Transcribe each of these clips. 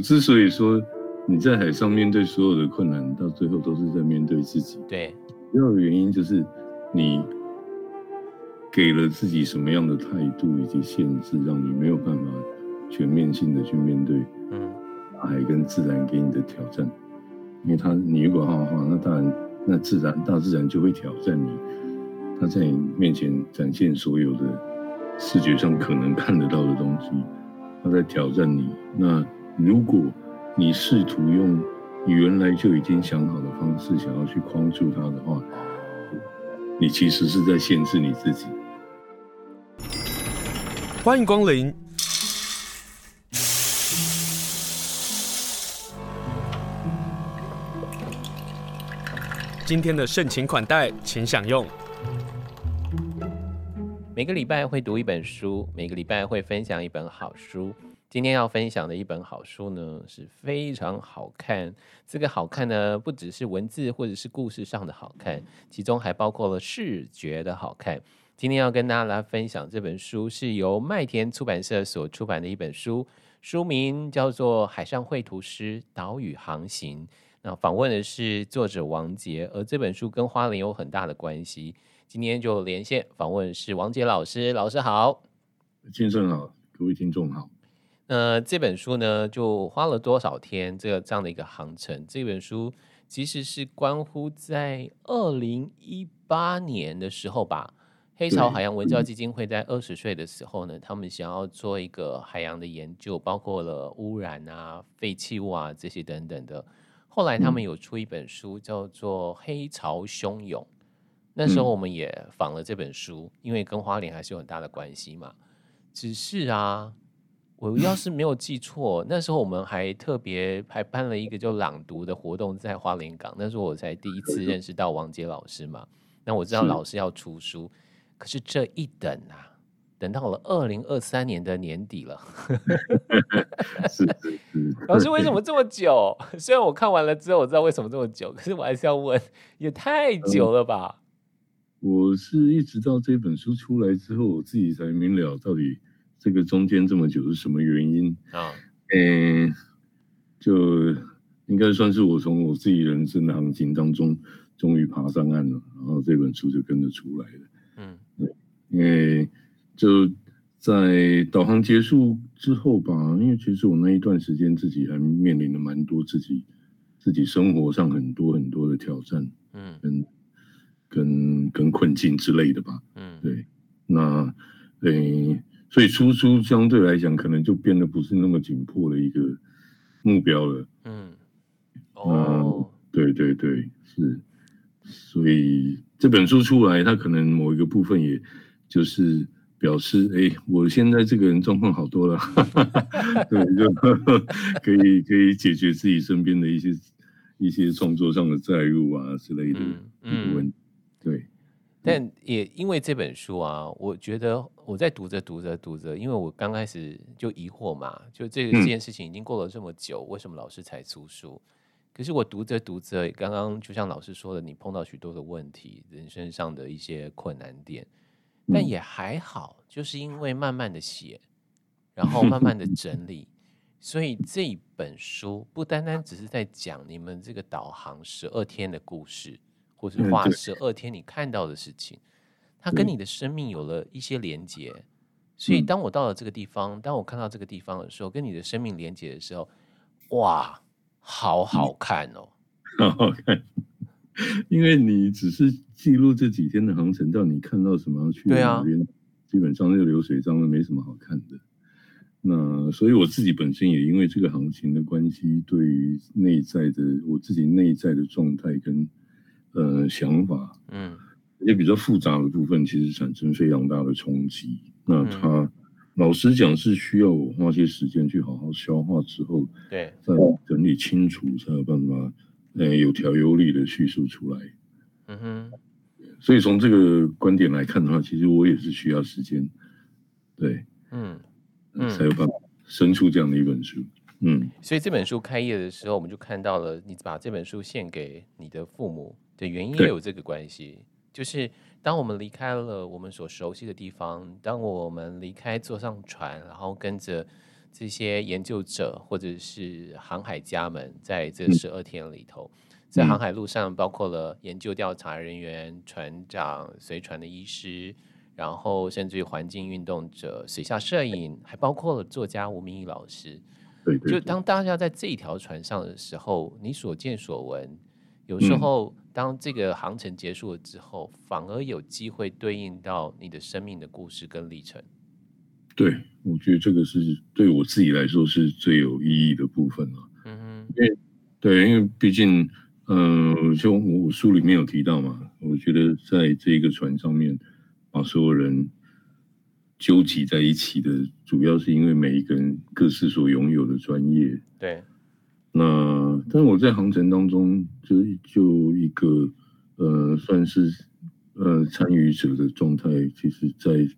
之所以說，你在海上面對所有的困難，到最後都是在面對自己。對，主要原因就是你給了自己什麼樣的態度以及限制，讓你沒有辦法全面性的去面對海跟自然給你的挑戰。因為他，你如果畫畫，那當然，那自然大自然就會挑戰你。他在你面前展現所有的視覺上可能看得到的東西，他在挑戰你。那如果你試圖用你原來就已經想好的方式想要去框住它的話，你其實是在限制你自己。歡迎光臨，今天的盛情款待，請享用。每個禮拜會讀一本書，每個禮拜會分享一本好書。今天要分享的一本好書呢，是非常好看。這個好看呢，不只是文字或者是故事上的好看，其中還包括了視覺的好看。今天要跟大家來分享這本書，是由麥田出版社所出版的一本書，書名叫做《海上繪圖師：島嶼航行》。那訪問的是作者王杰，而這本書跟花蓮有很大的關係。今天就連線訪問是王杰老師，老師好，先生好，各位聽眾好。呃，這本書呢，就花了多少天？這個這樣的一個航程，這本書其實是關乎在二零一八年的時候吧。黑潮海洋文教基金會在二十歲的時候呢，他們想要做一個海洋的研究，包括了汙染啊、廢棄物啊這些等等的。後來他們有出一本書，叫做《黑潮洶湧》。那時候我們也訪了這本書，因為跟花蓮還是有很大的關係嘛。只是啊。我要是沒有記錯，那時候我們還特別還辦了一個就朗讀的活動，在花蓮港。那時候我才第一次認識到王杰老師嘛。那我知道老師要出書，是，可是這一等啊，等到了二零二三年的年底了。 老師為什麼這麼久？雖然我看完了之後我知道為什麼這麼久，可是我還是要問，也太久了吧？嗯，我是一直到這本書出來之後，我自己才明了到底。這個中間，這麼久是什麼原因啊？嗯、oh. 欸，就應該算是我從我自己人生的航行當中，終於爬上岸了，然後這本書就跟着出來了。嗯，對，因、欸、為就在島航結束之後吧，因為其實我那一段時間自己還面臨了蠻多自己自己生活上很多很多的挑戰，嗯，跟跟困境之類的吧。嗯，對，那，嗯、欸。所以輸出相對來講，可能就變得不是那麼緊迫的一個目標了。嗯，哦、啊，對對對，是。所以這本書出來，他可能某一個部分，也就是表示，哎、欸，我現在這個人狀況好多了。嗯、 對，就呵呵可以可以解決自己身邊的一些一些創作上的債務啊之類的問嗯。嗯。對。但也因為這本書啊，我覺得我在讀着讀着讀着，因為我剛開始就疑惑嘛，就這個這件事情已經過了這麼久，為什麼老師才出書？可是我讀着讀着，剛剛就像老師說的，你碰到許多的問題，人生上的一些困難點，但也還好，就是因為慢慢的寫，然後慢慢的整理，所以這本書不單單只是在講你們這個導航十二天的故事。或是畫十二天，你看到的事情，為它跟你的生命有了一些連接。對 所以，當我到了這個地方，嗯、當我看到這個地方的時候，跟你的生命連接的時候，哇，好好看哦，好好看。 因為你只是記錄這幾天的行程，到你看到什麼去，對啊，基本上那個流水賬都沒什麼好看的。那所以我自己本身也因為這個行情的關係，對於內在的我自己內在的狀態跟。呃，想法，嗯，也比較複雜的部分，其實產生非常大的衝擊。那他、嗯、老實講，是需要我花些時間去好好消化之後，對，再整理清楚，才有辦法，呃，有條有理的敘述出來。嗯哼。所以從這個觀點來看的話，其實我也是需要時間，對，嗯，嗯，才有辦法生出這樣的一本書。嗯，所以這本書開業的時候，我們就看到了，你把這本書獻給你的父母，的原因也有這個關係，對就是當我們離開了我們所熟悉的地方，當我們離開，坐上船，然後跟着這些研究者或者是航海家們，在這十二天裡頭，嗯、在航海路上，包括了研究調查人員、嗯、船長、隨船的醫師，然後甚至於環境運動者、水下攝影，嗯、還包括了作家吳明益老師。對對對，就當大家在這條船上的時候，你所見所聞，有時候。嗯當這個航程結束了之後，反而有機會對應到你的生命的故事跟歷程。對，我覺得這個是對我自己來說是最有意義的部分了、啊。嗯哼。因為對，因為畢竟，嗯、呃，就我書裡面有提到嘛，我覺得在這個船上面把、啊、所有人糾集在一起的，主要是因為每一個人各自所擁有的專業。對。那，但我在航程當中就，就就一個，呃，算是，呃，參與者的狀態，其實在，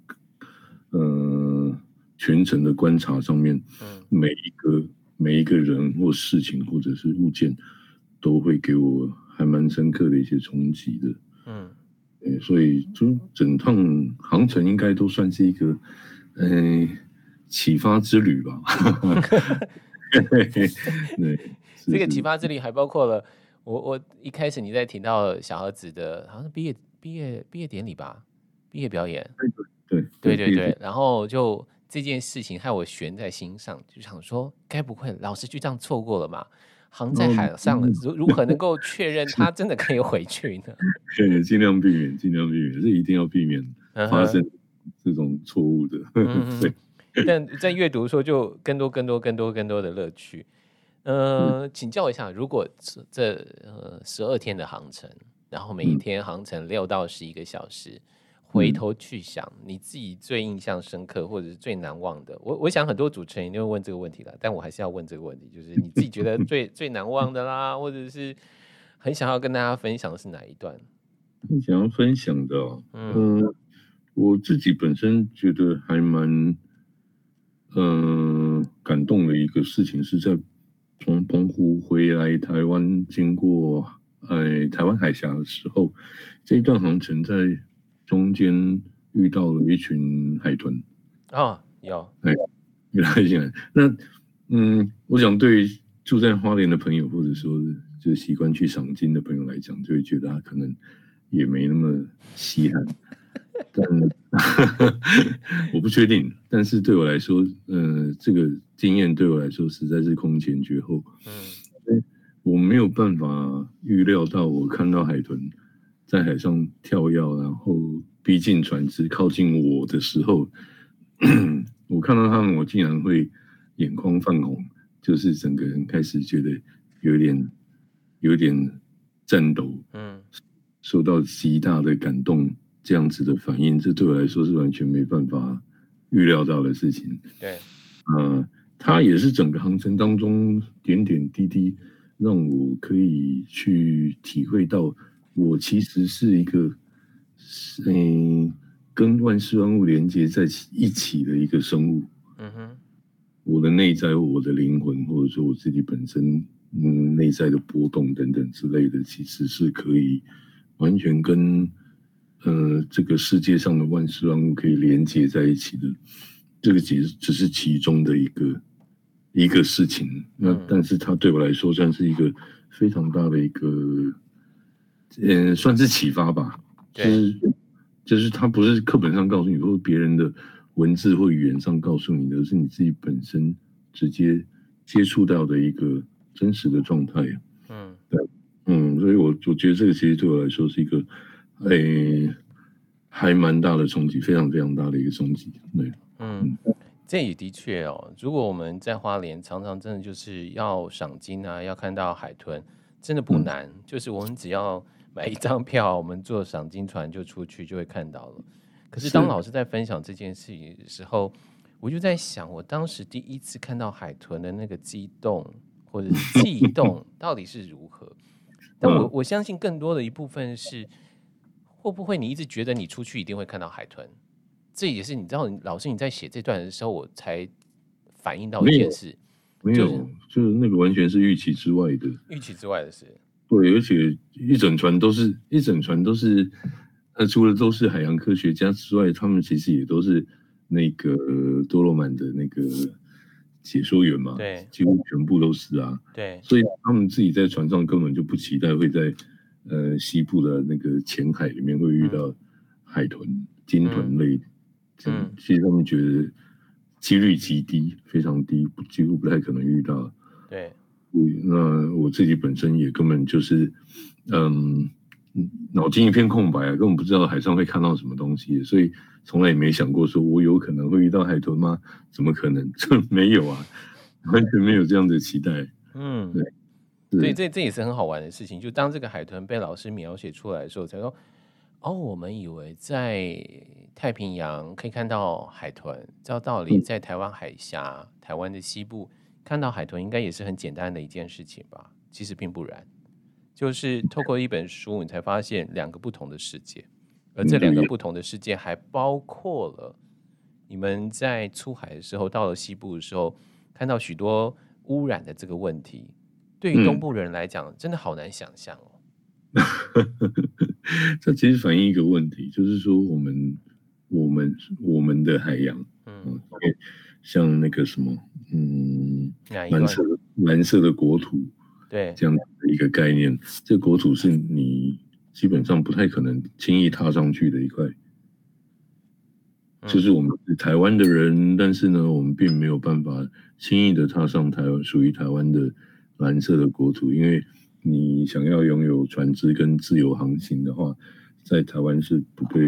呃，全程的觀察上面，嗯，每一個每一個人或事情或者是物件，都會給我還蠻深刻的一些衝擊的，嗯，所以就整趟航程應該都算是一個，呃，哎，啟發之旅吧。 對對這個啟發，這裡還包括了我。我一開始你在提到小兒子的，好像是畢業畢業畢業典禮吧，畢業表演。對對對，對對對，然後就這件事情害我懸在心上，就想說，該不會老師就這樣錯過了嗎？航在海上了，如、嗯、如何能夠確認他真的可以回去呢？對，盡量避免，盡量避免，是一定要避免發生這種錯誤的。嗯、哼對。 但在閱讀的時候，就更多、更多、更多、更多的樂趣。呃，請教一下，如果這呃十二天的航程，然後每一天航程六到十一個小時，嗯、回頭去想，你自己最印象深刻或者是最難忘的，我我想很多主持人一定會問這個問題了，但我還是要問這個問題，就是你自己覺得最 最難忘的啦，或者是很想要跟大家分享的是哪一段？很想要分享的，嗯、呃，我自己本身覺得還蠻。嗯、呃，感動的一個事情是在從澎湖回來台灣，經過哎台灣海峽的時候，這一段航程在中間遇到了一群海豚啊、哦，有哎，遇到唉海豚那嗯，我想對住在花蓮的朋友，或者說就是習慣去賞鯨的朋友來講，就會覺得他可能也沒那麼稀罕。嗯， 我不確定。但是對我來說，呃，這個經驗對我來說實在是空前絕後。嗯，我沒有辦法預料到，我看到海豚在海上跳躍，然後逼近船隻、靠近我的時候， 我看到他們，我竟然會眼眶泛紅，就是整個人開始覺得有點、有點顫抖。嗯，受到極大的感動。這樣子的反應，這對我來說是完全沒辦法預料到的事情。對，嗯、呃，它也是整個航程當中點點滴滴，讓我可以去體會到，我其實是一個，嗯、欸，跟萬事萬物連接在一起的一個生物。嗯哼，我的內在、我的靈魂，或者說我自己本身，嗯，內在的波動等等之類的，其實是可以完全跟。呃，這個世界上的萬事萬物可以連接在一起的，這個其實只是其中的一個一個事情。那但是它對我來說算是一個非常大的一個，呃、嗯，算是啟發吧。就是對就是它不是課本上告訴你，或別人的文字或語言上告訴你的，而是你自己本身直接接觸到的一個真實的狀態。嗯，對，嗯，所以我我覺得這個其實對我來說是一個。誒、欸，還蠻大的衝擊，非常非常大的一個衝擊。對，嗯，這也的確哦。如果我們在花蓮常常真的就是要賞鯨啊，要看到海豚，真的不難，嗯、就是我們只要買一張票，我們坐賞鯨船就出去，就會看到了。可是當老師在分享這件事情的時候，是我就在想，我當時第一次看到海豚的那個激動或者是悸動到底是如何？ 但我我相信更多的一部分是。會不會你一直覺得你出去一定會看到海豚？這也是你知道，老師你在寫這段的時候，我才反應到的一件事，沒有，沒有就是、就那個完全是預期之外的，預期之外的事。對，而且一整船都是期一整船都是，那、呃、除了都是海洋科學家之外，他們其實也都是那個、呃、多羅滿的那個解說員嘛，對，幾乎全部都是啊，對，所以他們自己在船上根本就不期待會在。呃，西部的那個淺海裡面會遇到海豚、鯨豚類，嗯，嗯嗯、其實他們覺得幾率極低，非常低，幾乎不太可能遇到。對，那我自己本身也根本就是，嗯，腦筋一片空白啊，根本不知道海上會看到什麼東西，所以從來也沒想過說我有可能會遇到海豚嗎？怎麼可能？這 沒有啊，完全沒有這樣的期待。嗯，對。對對所以對對這這也是很好玩的事情。就當這個海豚被老師描寫出來的時候，才說：“哦，我們以為在太平洋可以看到海豚，照道理在台灣海峽、台灣的西部看到海豚，應該也是很簡單的一件事情吧？”其實並不然，就是透過一本書，你才發現兩個不同的世界，而這兩個不同的世界還包括了你們在出海的時候，到了西部的時候，看到許多污染的這個問題。對於東部的人來講，嗯、真的好難想象哦。這其實反映一個問題，就是說我們、我們、我們的海洋，嗯，嗯，像那個什麼，嗯，藍色、藍色的國土，對，這樣子的一個概念，這國土是你基本上不太可能輕易踏上去的一塊。嗯、就是我們是台灣的人，但是呢，我們並沒有辦法輕易的踏上台灣，屬於台灣的。藍色的國土，因為你想要擁有船只跟自由航行的話，在台灣是不被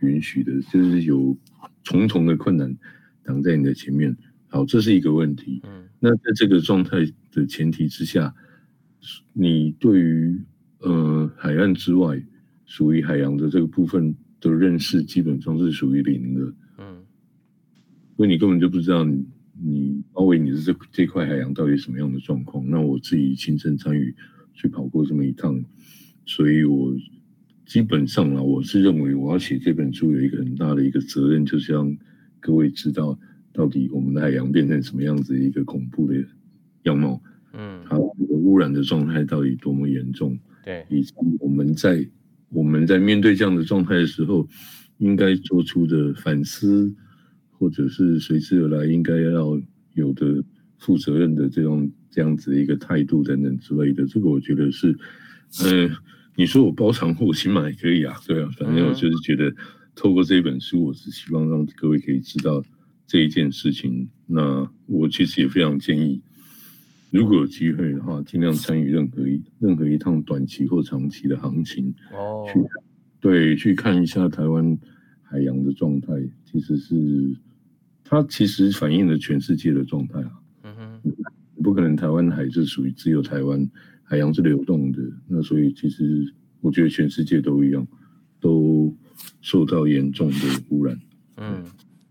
允許的，就是有重重的困難擋在你的前面。好，這是一個問題。嗯。那在這個狀態的前提之下，你對於呃海岸之外屬於海洋的這個部分的認識，基本上是屬於零的。嗯。所以你根本就不知道你。你包圍你的這這塊海洋到底什麼樣的狀況？那我自己親身參與去跑過這麼一趟，所以我基本上啊，我是認為我要寫這本書有一個很大的一個責任，就是讓各位知道到底我們的海洋變成什麼樣子一個恐怖的樣貌。嗯，它這個污染的狀態到底多麼嚴重？對，以及我們在我們在面對這樣的狀態的時候，應該做出的反思。或者是隨之而來應該要有的負責任的這種這樣子的一個態度等等之類的，這個我覺得是，嗯、呃，你說我包藏禍心嘛也可以啊，對啊，反正我就是覺得透過這本書，我是希望讓各位可以知道這一件事情。那我其實也非常建議，如果有機會的話，儘量參與任何一任何一趟短期或長期的航程哦，去對去看一下台灣海洋的狀態，其實是。它其實反映了全世界的狀態。嗯哼，不可能台灣海是屬於只有台灣海洋是流動的，那所以其實我覺得全世界都一樣，都受到嚴重的污染。嗯，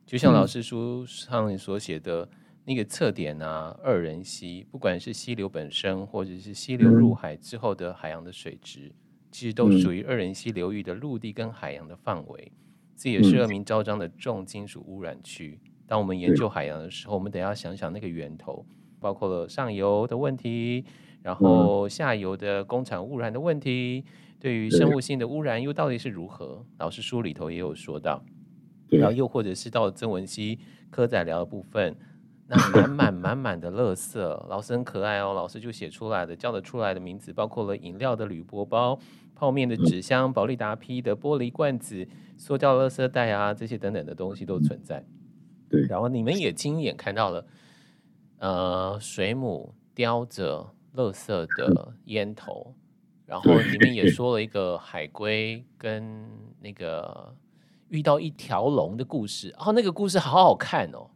就像老師書上所寫的、嗯、那個測點啊，二仁溪，不管是溪流本身，或者是溪流入海之後的海洋的水質，嗯、其實都屬於二仁溪流域的陸地跟海洋的範圍，這、嗯、也是惡名昭彰的重金屬污染區。嗯當我們研究海洋的時候，對我們得要想想那個源頭，包括了上游的問題，然後下游的工廠污染的問題，嗯、對於生物性的污染又到底是如何？對老師書裡頭也有說到，對然後又或者是到了曾文溪、蚵仔寮的部分，那滿滿滿滿的垃圾。 老師很可愛哦，老師就寫出來的叫得出來的名字，包括了飲料的鋁箔包、泡麵的紙箱、保、嗯、力達批的玻璃罐子、塑料垃圾袋啊，這些等等的東西都存在。對，然後你們也親眼看到了，呃，水母叼着樂色的煙頭， 然後你們也說了一個海龜跟那個遇到一條龍的故事，哦，那個故事好好看哦。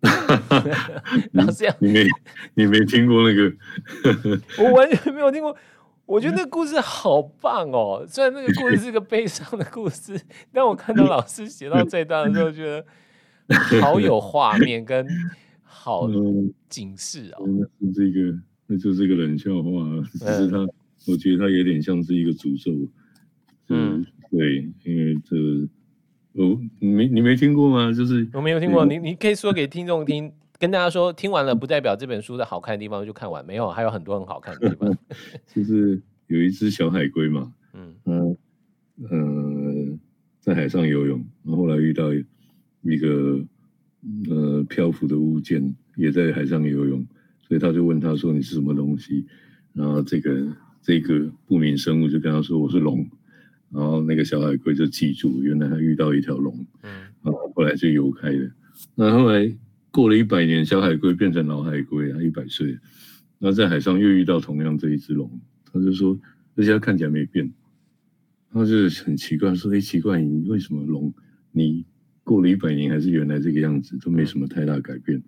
你然後這樣，你沒你沒聽過那個？ 我完全沒有聽過，我覺得那個故事好棒哦。雖然那個故事是個悲傷的故事，但我看到老師寫到這段的時候，覺得。 好有畫面跟好警示哦！ 嗯嗯、這個，那就是一個冷笑話，其實他我覺得他有點像是一個詛咒。嗯，對，因為這哦，你沒你沒聽過嗎？就是我沒有聽過，嗯、你你可以說給聽眾聽，跟大家說，聽完了不代表這本書的好看的地方就看完，沒有，還有很多很好看的地方。 就是有一隻小海龜嘛，嗯嗯嗯，在海上游泳，然後後來遇到。一個呃漂浮的物件也在海上游泳，所以他就問他說：“你是什麼東西？”然後這個這個不明生物就跟他說：“我是龍。”然後那個小海龜就記住，原來他遇到一條龍。嗯。然後後來就游開了。那後來過了一百年，小海龜變成老海龜啊，一百歲。那在海上又遇到同樣這一隻龍，他就說：“而且他看起來沒變。”他就是很奇怪說：“哎，奇怪，你為什麼龍你？”過了一百年還是原來這個樣子，都沒什麼太大改變。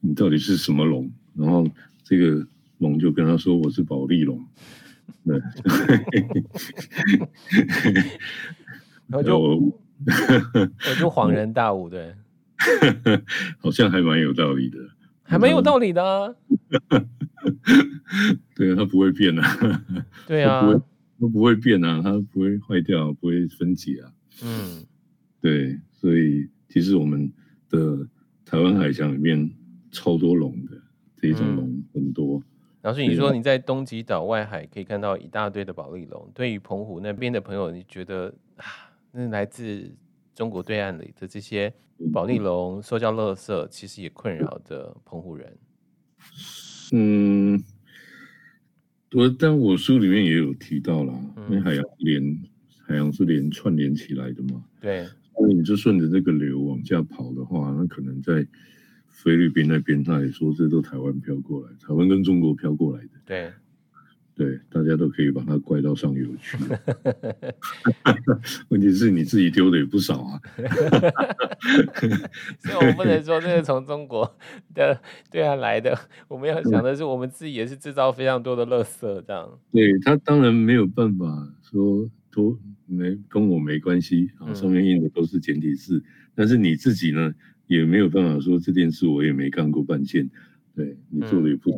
你到底是什麼龍？然後這個龍就跟他說：“我是保麗龍。”對，然後 就我就恍然大悟，對，好像還蠻有道理的，還蠻有道理的。對啊，它 不會變啊。對啊，都不,不會變啊，它不會壞掉，不會分解啊。嗯，對。所以，其實我們的台灣海峽裡面超多龍的，這一種龍很多。然後、嗯，以你說你在東極島外海可以看到一大堆的保麗龍。對於澎湖那邊的朋友，你覺得啊，那是來自中國對岸裡的這些保麗龍，塑膠垃圾，其實也困擾的澎湖人？嗯，我但我書裡面也有提到啦，嗯，因為海洋連海洋是連串聯起來的嘛。對。那你就順着這個流往下跑的話，那可能在菲律賓那邊，他也說這都台灣漂過來，台灣跟中國漂過來的。來的。對，對，大家都可以把它怪到上游去。 問題是你自己丟的也不少啊。 所以我們不能說這是從中國的對岸來的。我們要想的是，我們自己也是制造非常多的垃圾，這樣。對他當然沒有辦法說。說沒跟我沒關係啊。上面印的都是簡體字，嗯、但是你自己呢，也沒有辦法說這件事我也沒幹過半件，對你做的也不少，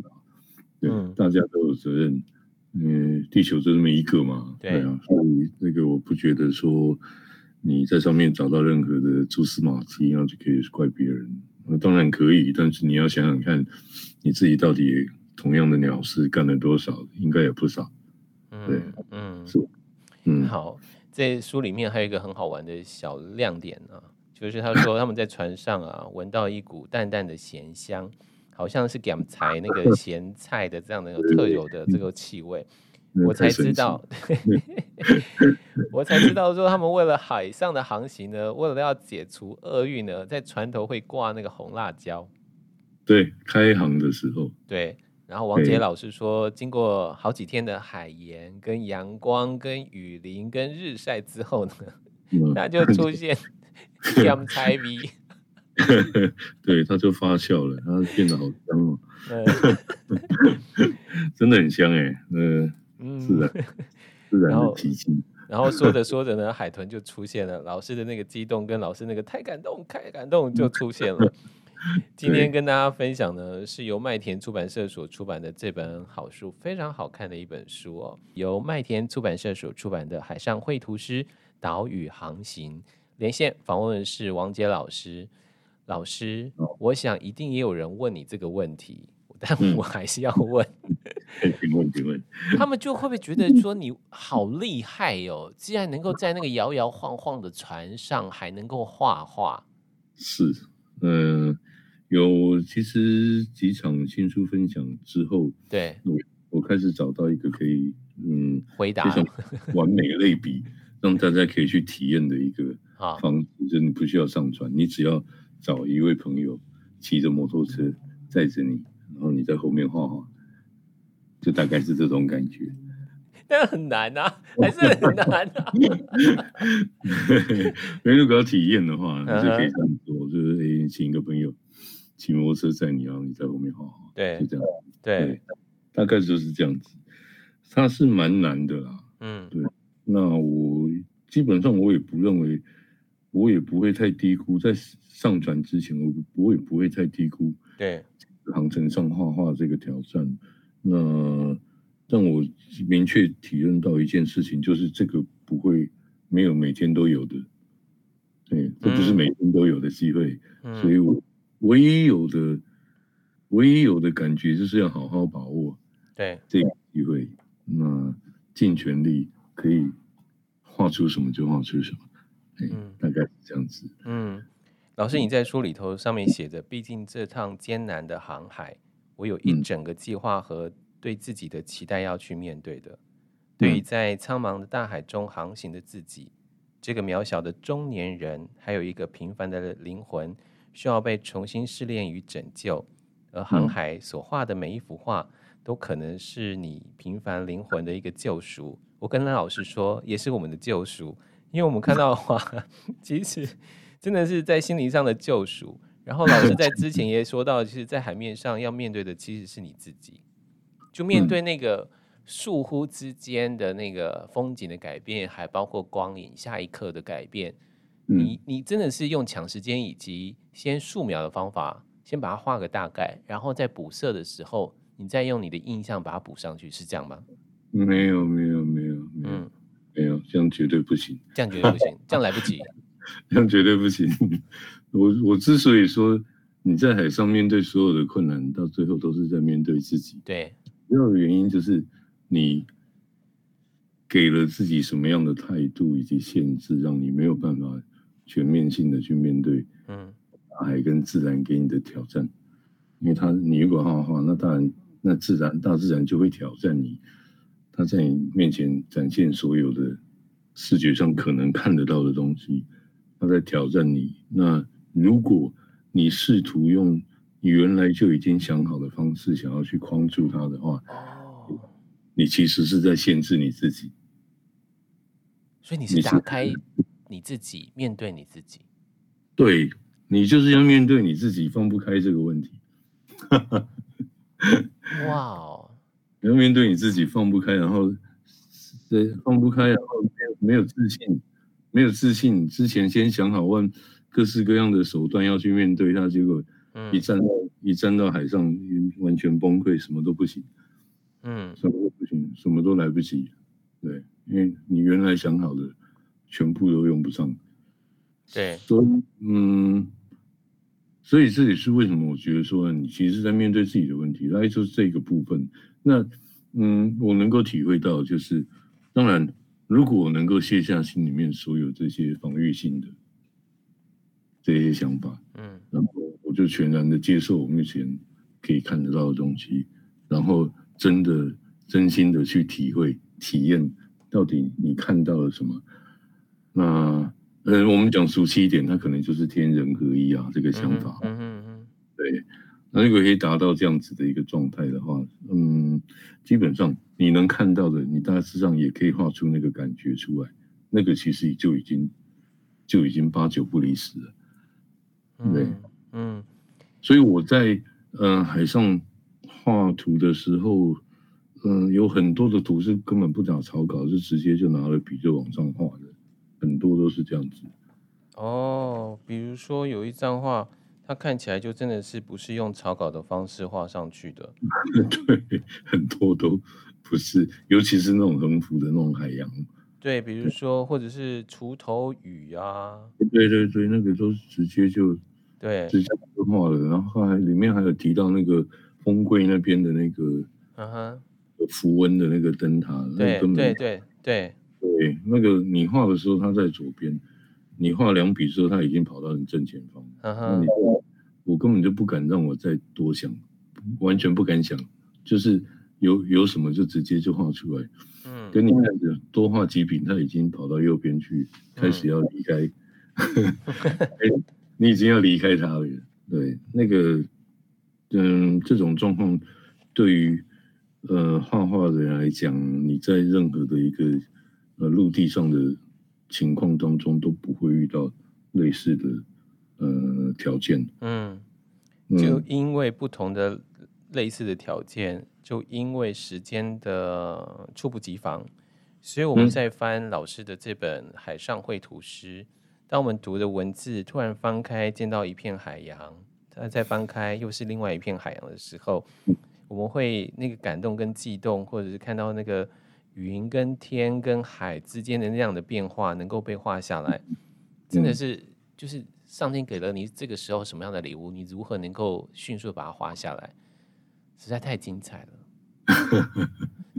嗯、對，嗯、大家都有責任。嗯、呃，地球就那麼一個嘛，對，對啊，所以那個我不覺得說你在上面找到任何的蛛絲馬跡，然後就可以怪別人。那當然可以，但是你要想想看，你自己到底同樣的鳥事幹了多少，應該也不少。對。嗯，嗯是。嗯，好，在書裡面還有一個很好玩的小亮點啊，就是他說他們在船上啊，聞 到一股淡淡的鹹香，好像是給他那個鹹菜的這樣的特有的這個氣味，我才知道，神 我才知道說他們為了海上的航行呢，為了要解除厄運呢，在船頭會掛那個紅辣椒，對，開航的時候，對。然後王杰老師說，經過好幾天的海鹽、跟陽光、跟雨淋、跟日曬之後呢，那、嗯、就出現香菜 味。 對，他就發酵了，他變得好香哦。嗯、 真的很香哎、欸，嗯，是的，自然是提香。然後說着說着呢，海豚就出現了，老師的那個激動跟老師那個太感動、太感動就出現了。嗯今天跟大家分享的是由麥田出版社所出版的這本好書，非常好看的一本書哦。由麥田出版社所出版的《海上繪圖師：島嶼航行》連線訪問的是王杰老師。老師，哦，我想一定也有人問你這個問題，但我還是要問，請問，嗯，請 問，他們就會不會覺得說你好厲害哦？既然能夠在那個搖搖晃晃晃的船上還能夠畫畫，是嗯。有，其實幾場新書分享之後，對，我我開始找到一個可以嗯回答完美的類比，讓大家可以去體驗的一個方式，好就你不需要上船，你只要找一位朋友騎着摩托車載着你，然後你在後面畫畫。就大概是這種感覺。但是很難啊，還是很難啊。沒 如果要體驗的話，還是、uh huh. 可以這麼做，就是請一個朋友。騎摩托車載你後，啊，你在後面畫畫，好好對，就這樣，對，對，大概就是這樣子，它是蠻難的啦，嗯，對，那我基本上我也不認為，我也不會太低估在上船之前，我我也不會太低估對航程上畫畫這個挑戰。那但我明確體認到一件事情，就是這個不會沒有每天都有的，對，嗯、這不是每天都有的機會，嗯、所以我。唯一有的，唯一有的感覺就是要好好把握，對這個機會，對那盡全力可以畫出什麼就畫出什麼，嗯，大概是這樣子。嗯，老師，你在書裡頭上面寫著畢、嗯、竟這趟艱難的航海，我有一整個計劃和對自己的期待要去面對的。嗯、對於在蒼茫的大海中航行的自己，這個渺小的中年人，還有一個平凡的靈魂需要被重新試煉與拯救，而航海所畫的每一幅畫，都可能是你平凡靈魂的一個救贖。我跟那老師說，也是我們的救贖，因為我們看到畫，其實真的是在心靈上的救贖。然後老師在之前也說到，其實在海面上要面對的，其實是你自己，就面對那個倏忽之間的那個風景的改變，還包括光影下一刻的改變。嗯、你你真的是用搶時間以及先素描的方法，先把它畫個大概，然後在補色的時候，你再用你的印象把它補上去，是這樣嗎？沒有沒有沒有、嗯、沒有沒有這樣絕對不行，這樣絕對不行，這樣來不及，這樣絕對不行。我我之所以說你在海上面對所有的困難，到最後都是在面對自己，對，主要原因就是你給了自己什麼樣的態度以及限制，讓你沒有辦法。全面性的去面對，嗯，大海跟自然給你的挑戰，嗯、因為他，你如果畫畫，那當然，那自然大自然就會挑戰你，他在你面前展現所有的視覺上可能看得到的東西，他在挑戰你。那如果你試圖用你原來就已經想好的方式想要去框住他的話，哦，你其實是在限制你自己。所以你是打開是。打開你自己面對你自己，對，你就是要面對你自己，放不開這個問題。哇 哦 Wow，你要面對你自己，放不開，然後對放不開，然後沒有沒有自信，沒有自信之前先想好問各式各樣的手段要去面對它，結果一站到、嗯、一站到海上完全崩潰，什麼都不行，嗯，什麼都不行，什麼都來不及。對，因為你原來想好的。全部都用不上，對，所以、so, 嗯，所以這也是為什麼我覺得說，你其實在面對自己的問題，來就是這個部分。那嗯，我能夠體會到，就是當然，如果我能夠卸下心裡面所有這些防禦性的這些想法，嗯，然後我就全然的接受我目前可以看得到的東西，然後真的真心的去體會、體驗到底你看到了什麼。那呃，我們講俗氣一點，它可能就是天人合一啊，這個想法、嗯。嗯嗯對。那如果可以達到這樣子的一個狀態的話，嗯，基本上你能看到的，你大致上也可以畫出那個感覺出來。那個其實就已經就已經八九不離十了。對，嗯。嗯，所以我在呃海上畫圖的時候，嗯、呃，有很多的圖是根本不打草稿，就直接就拿了筆就往上畫的。很多都是這樣子，哦，比如說有一張畫，它看起來就真的是不是用草稿的方式畫上去的。 對，很多都不是，尤其是那種橫幅的那種海洋。對，比如說對或者是鋤頭雨啊。對對對，那個都是直接就對直接畫了，對然後，後來裡面還有提到那個風櫃那邊的那個，嗯哼，符文的那個燈塔，對對對對。對，那個你畫的時候，他在左邊；你畫兩筆之後，他已經跑到你正前方。啊哈那我我根本就不敢讓我再多想，完全不敢想，就是有有什麼就直接就畫出來。嗯，跟你開始多畫幾筆，他已經跑到右邊去，開始要離開。你已經要離開他了。對，那個嗯，這種狀況對於呃畫畫的人來講，你在任何的一個呃，陸地上的情況當中都不會遇到類似的呃條件。嗯，就因為不同的類似的條件，嗯、就因為時間的猝不及防，所以我們在翻老師的這本《海上繪圖師》，嗯、當我們讀的文字突然翻開，見到一片海洋，再翻開又是另外一片海洋的時候，嗯、我們會那個感動跟悸動，或者是看到那個。雲跟天跟海之間的那樣的變化能夠被畫下來，真的是就是上天給了你這個時候什麼樣的禮物，你如何能夠迅速把它畫下來，實在太精彩了。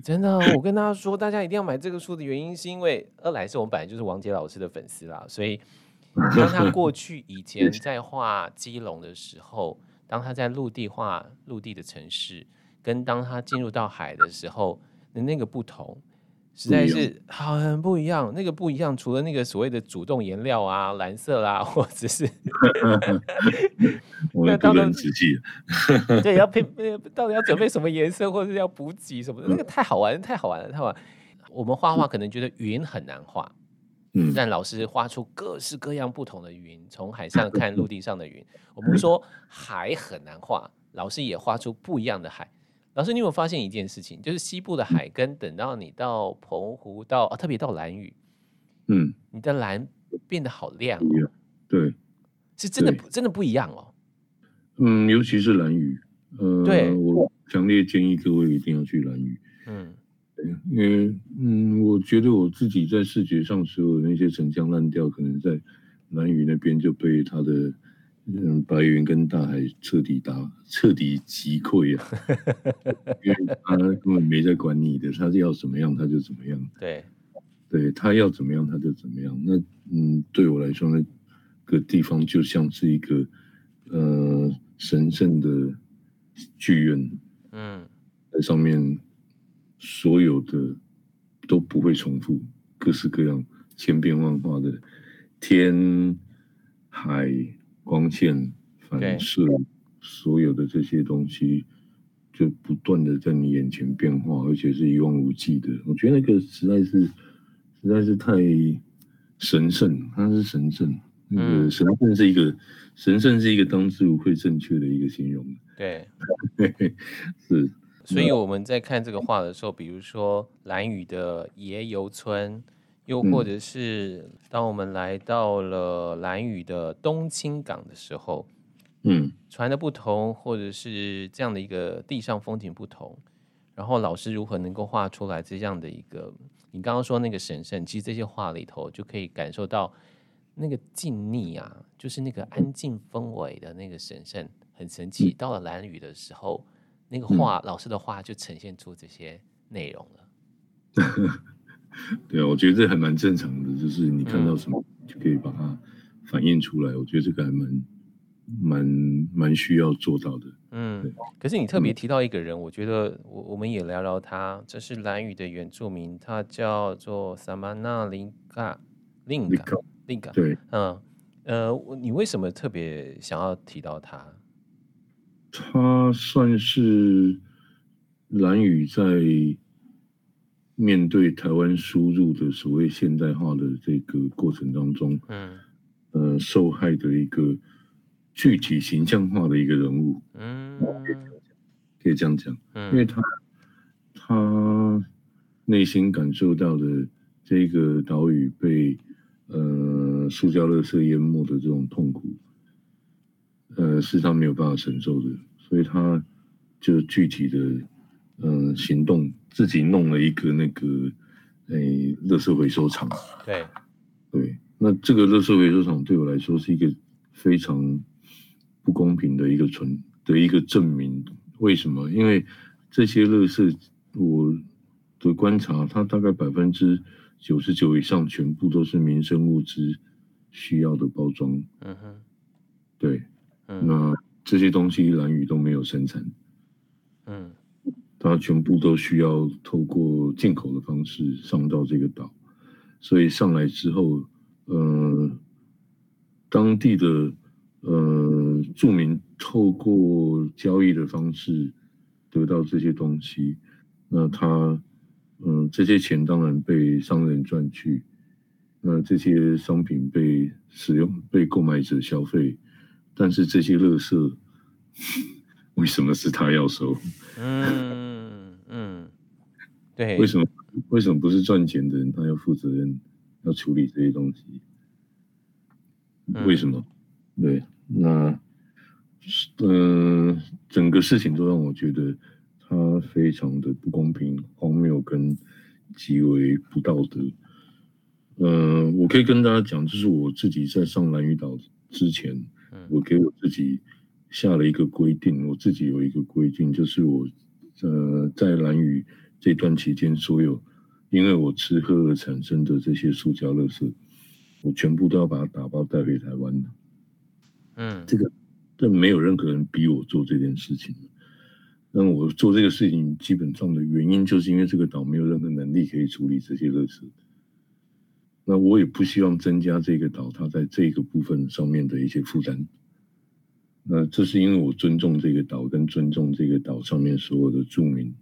真的，我跟大家說，大家一定要買這個書的原因，是因為二來是我們本來就是王杰老師的粉絲啦，所以當他過去以前在畫基隆的時候，當他在陸地畫陸地的城市，跟當他進入到海的時候。那個不同，實在是很不一樣。一樣那個不一樣，除了那個所謂的主動顏料啊，藍色啦、啊，或者是，那當然，實際 要。對，要配到底要準備什麼顏色，或者是要補給什麼的， 那個太好玩，太好玩了，太好玩。嗯、我們畫畫可能覺得雲很難畫，嗯，但老師畫出各式各樣不同的雲，從海上看陸地上的雲。 我們說海很難畫，老師也畫出不一樣的海。老師，你有沒有發現一件事情？就是西部的海跟等到你到澎湖到、啊、特別到蘭嶼，嗯，你的藍變得好亮。哦，對，是真的，對真的，真的不一樣哦。嗯，尤其是蘭嶼，呃，對，我強烈建議各位一定要去蘭嶼，嗯，因為嗯，我覺得我自己在視覺上所有那些陳腔濫調，可能在蘭嶼那邊就被它的。嗯，白雲跟大海徹底打，徹底擊潰啊！ 因為他根本沒在管你的，他是要怎麼樣他就怎麼樣。對，對他要怎麼樣他就怎麼樣。那嗯，對我來說呢，那個地方就像是一個呃神聖的劇院。嗯，在上面所有的都不會重複，各式各樣、千變萬化的天、海。光線反射，對所有的這些東西就不斷的在你眼前變化，而且是一望無際的。我覺得那個實在是，實在是太神聖，它是神聖，那個、嗯嗯、神聖是一個神聖是一個當之無愧正確的一個形容。對， 是。所以我們在看這個畫的時候，比如說藍宇的《野游村》。又或者是，當我們來到了蘭嶼的東青港的時候，嗯，船的不同，或者是這樣的一個地上風景不同，然後老師如何能夠畫出來這樣的一個，你剛剛說那個神聖，其實這些畫裡頭就可以感受到那個靜謐啊，就是那個安靜氛圍的那個神聖，很神奇。到了蘭嶼的時候，那個畫，老師的畫就呈現出這些內容了。嗯 對啊，我覺得這還蠻正常的，就是你看到什麼就可以把它反映出來。嗯、我覺得這個還蠻、蠻、蠻、需要做到的。嗯，可是你特別提到一個人，我覺得我我們也聊聊他。這是蘭嶼的原住民，他叫做薩瑪那林嘎林嘎林嘎。對，嗯，呃，你為什麼特別想要提到他？他算是蘭嶼在。面對台灣輸入的所謂現代化的這個過程當中，嗯，呃，受害的一個具體形象化的一個人物，嗯，可以這樣講，嗯，因為他他內心感受到的這個島嶼被呃塑膠垃圾淹沒的這種痛苦，呃，是他沒有辦法承受的，所以他就具體的。嗯，行動自己弄了一個那個，誒、欸，垃圾回收廠。對，對，那這個垃圾回收廠對我來說是一個非常不公平的一個存的一個證明。為什麼？因為這些垃圾，我的觀察，它大概百分之九十九以上全部都是民生物資需要的包裝。嗯哼，對，嗯、那這些東西蘭嶼都沒有生產。嗯。他全部都需要透過進口的方式上到這個島，所以上來之後，呃，當地的呃住民透過交易的方式得到這些東西，那他嗯、呃、這些錢當然被商人賺去，那這些商品被使用被購買者消費，但是這些垃圾為什麼是他要收？Uh 嗯，對。為什麼為什麼不是賺錢的人他要負責任要處理這些東西？為什麼？嗯、對，那嗯、呃，整個事情都讓我覺得他非常的不公平、荒謬跟極為不道德。嗯、呃，我可以跟大家講，就是我自己在上蘭嶼島之前，嗯、我給我自己下了一個規定，我自己有一個規定，就是我。呃，在蘭嶼這段期間，所有因為我吃喝而產生的這些塑膠垃圾，我全部都要把它打包帶回台灣的。嗯，這個但沒有任何人逼我做這件事情。那我做這個事情基本上的原因，就是因為這個島沒有任何能力可以處理這些垃圾。那我也不希望增加這個島它在這個部分上面的一些負擔。那這是因為我尊重這個島，跟尊重這個島上面所有的住民，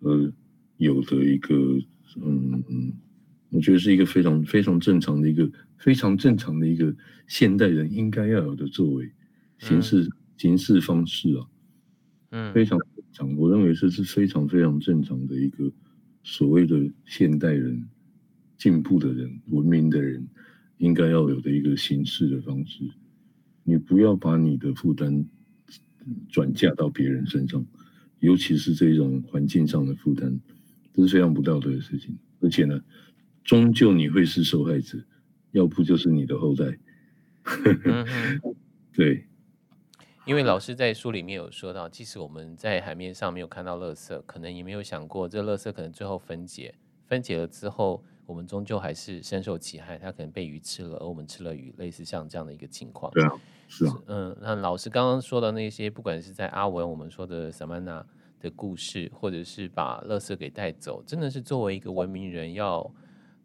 呃，有的一個，嗯嗯，我覺得是一個非常非常正常的一個非常正常的一個現代人應該要有的作為行事行事方式啊，嗯，非常常我認為這是非常非常正常的一個所謂的現代人進步的人文明的人應該要有的一個行事的方式。你不要把你的負擔轉嫁到別人身上，尤其是這種環境上的負擔，這是非常不道德的事情。而且呢，終究你會是受害者，要不就是你的後代。嗯、哼 對，因為老師在書裡面有說到，即使我們在海面上沒有看到垃圾，可能也沒有想過，這垃圾可能最後分解，分解了之後。我們終究還是深受其害，他可能被魚吃了，而我們吃了魚，類似像這樣的一個情況。對啊，是啊。嗯，那老師剛剛說的那些，不管是在阿文我們說的薩曼 a 的故事，或者是把垃圾給帶走，真的是作為一個文明人要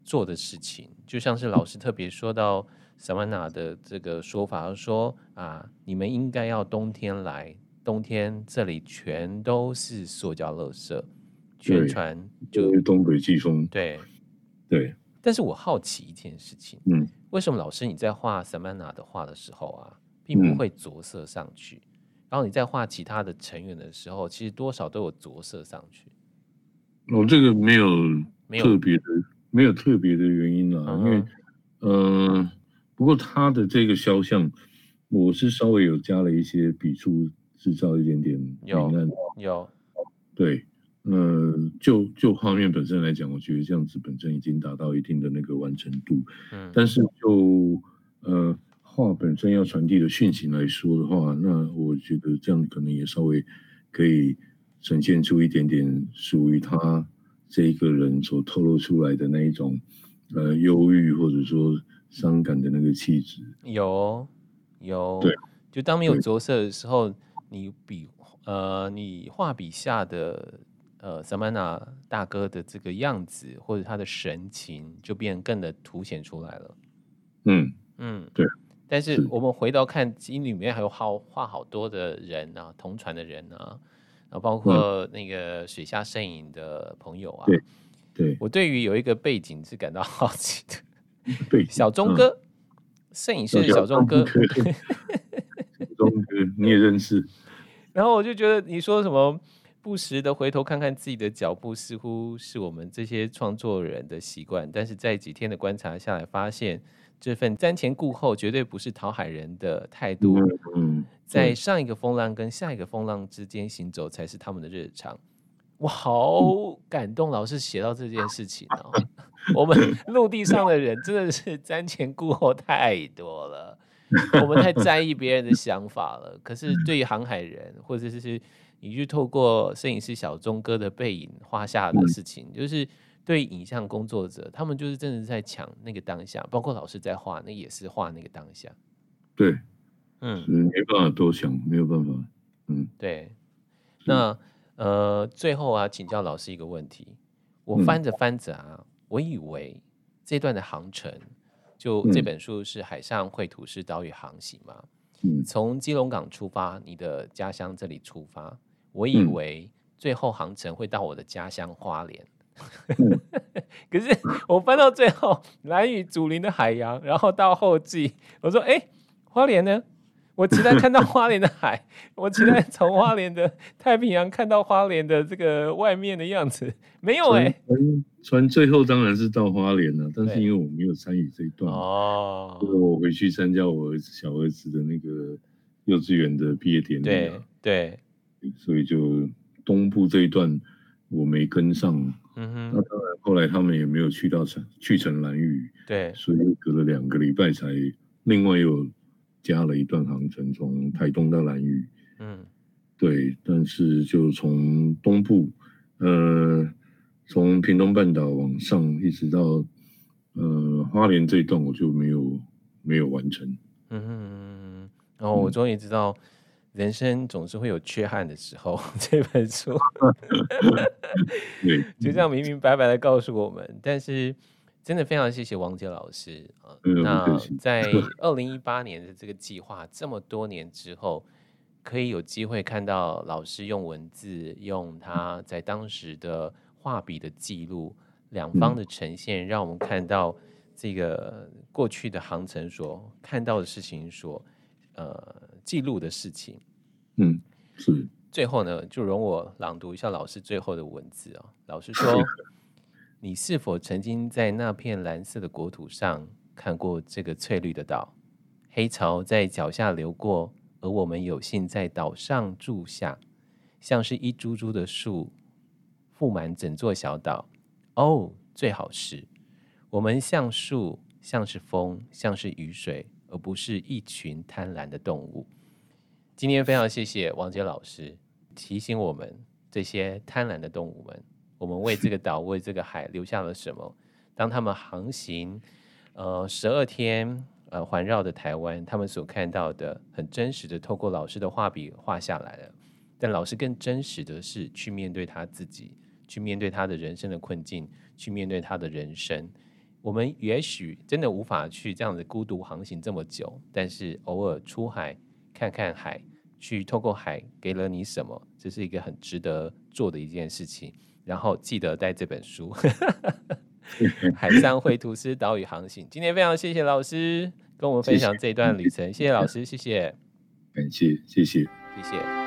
做的事情。就像是老師特別說到薩曼 a 的這個說法，說啊，你們應該要冬天來，冬天這裡全都是塑膠垃圾，宣傳就東北季風，對。對，但是我好奇一件事情，嗯，為什麼老師你在畫 Samantha 的畫的時候啊，並不會着色上去，嗯、然後你在畫其他的成員的時候，其實多少都有着色上去。我、哦、這個沒有沒有，沒有特別的，沒有特別的原因啊，嗯、哼因為，嗯、呃，不過他的這個肖像，我是稍微有加了一些筆觸，製造一點點有有，但有對。呃，就就畫面本身來講，我覺得這樣子本身已經達到一定的那個完成度。嗯，但是就呃畫本身要傳遞的訊息來說的話，那我覺得這樣可能也稍微可以呈現出一點點屬於他這一個人所透露出來的那一種呃憂鬱或者說傷感的那個氣質。哦。有，有。對，就當沒有着色的時候，你筆對呃你畫筆下的。S 呃，s m 薩曼 a 大哥的這個樣子，或者他的神情就變更的凸顯出來了。嗯嗯，嗯對。但是我們回頭看，因是裡面還有好畫好多的人啊，同船的人啊，然後包括那個水下攝影的朋友啊。對對、嗯，我對於有一個背景是感到好奇的。對對小鍾哥，攝、嗯、影師小鍾哥，嗯嗯、 小鍾哥你也認識。然後我就覺得你說什麼？不時的回頭看看自己的腳步，似乎是我們這些創作人的習慣。但是在幾天的觀察下來，發現這份瞻前顧後絕對不是討海人的態度。嗯，在上一個風浪跟下一個風浪之間行走，才是他們的日常。我好感動，老是寫到這件事情哦。 我們陸地上的人真的是瞻前顧後太多了，我們太在意別人的想法了。可是對於航海人，或者就是。你就透過攝影師小鍾哥的背影畫下的事情，嗯、就是對影像工作者，他們就是真的在搶那個當下，包括老師在畫，那也是畫那個當下。對，嗯，沒辦法多想，嗯、沒有辦法，嗯，對。是那呃，最後啊，請教老師一個問題，我翻着翻着啊，嗯、我以為這段的航程，就這本書是海上繪圖師島嶼航行嘛，嗯、從基隆港出發，你的家鄉這裡出發。我以為最後航程會到我的家鄉花蓮，嗯、 可是我翻到最後，蘭嶼祖林的海洋，然後到後記。我說：“哎、欸，花蓮呢？我期待看到花蓮的海， 我期待從花蓮的太平洋看到花蓮的這個外面的樣子。”沒有哎、欸，船最後當然是到花蓮了，啊，但是因為我沒有參與這一段哦，對我回去參加我兒子小兒子的那個幼稚園的畢業典禮、啊、對。對所以就東部這一段我沒跟上，嗯哼，那當然，後來他們也沒有去到去成蘭嶼。對，所以隔了兩個禮拜才另外又加了一段航程，從台東到蘭嶼。嗯，對，但是就從東部，呃，從屏東半島往上一直到呃花蓮這一段，我就沒有沒有完成，嗯哼,嗯哼，然後、哦、我終於知道。嗯人生總是會有缺憾的時候，這本書 就這樣明明白白的告訴我們。但是，真的非常謝謝王杰老師、嗯、那在二零一八年的這個計劃、嗯、這麼多年之後，可以有機會看到老師用文字、用他在當時的畫筆的記錄，兩方的呈現，讓我們看到這個過去的航程所看到的事情所，所呃。記錄的事情，嗯，是。最後呢，就容我朗讀一下老師最後的文字啊、哦。老師說：“是的。你是否曾經在那片藍色的國土上看過這個翠綠的島？黑潮在腳下流過，而我們有幸在島上住下，像是一株株的樹，覆滿整座小島。哦，最好是我們像樹，像是風，像是雨水。”而不是一群貪婪的動物。今天非常謝謝王杰老師提醒我們這些貪婪的動物們，我們為這個島、為這個海留下了什麼？當他們航行，呃，十二天，呃，環繞的台灣，他們所看到的很真實的，透過老師的畫筆畫下來了。但老師更真實的是去面對他自己，去面對他的人生的困境，去面對他的人生。我們也許真的無法去這樣子孤獨航行這麼久，但是偶爾出海看看海，去透過海給了你什麼，這是一個很值得做的一件事情。然後記得帶這本書，《海上繪圖師島嶼航行》。今天非常謝謝老師跟我們分享這一段旅程，謝謝老師，謝謝，感謝，謝謝，謝謝。謝謝謝謝。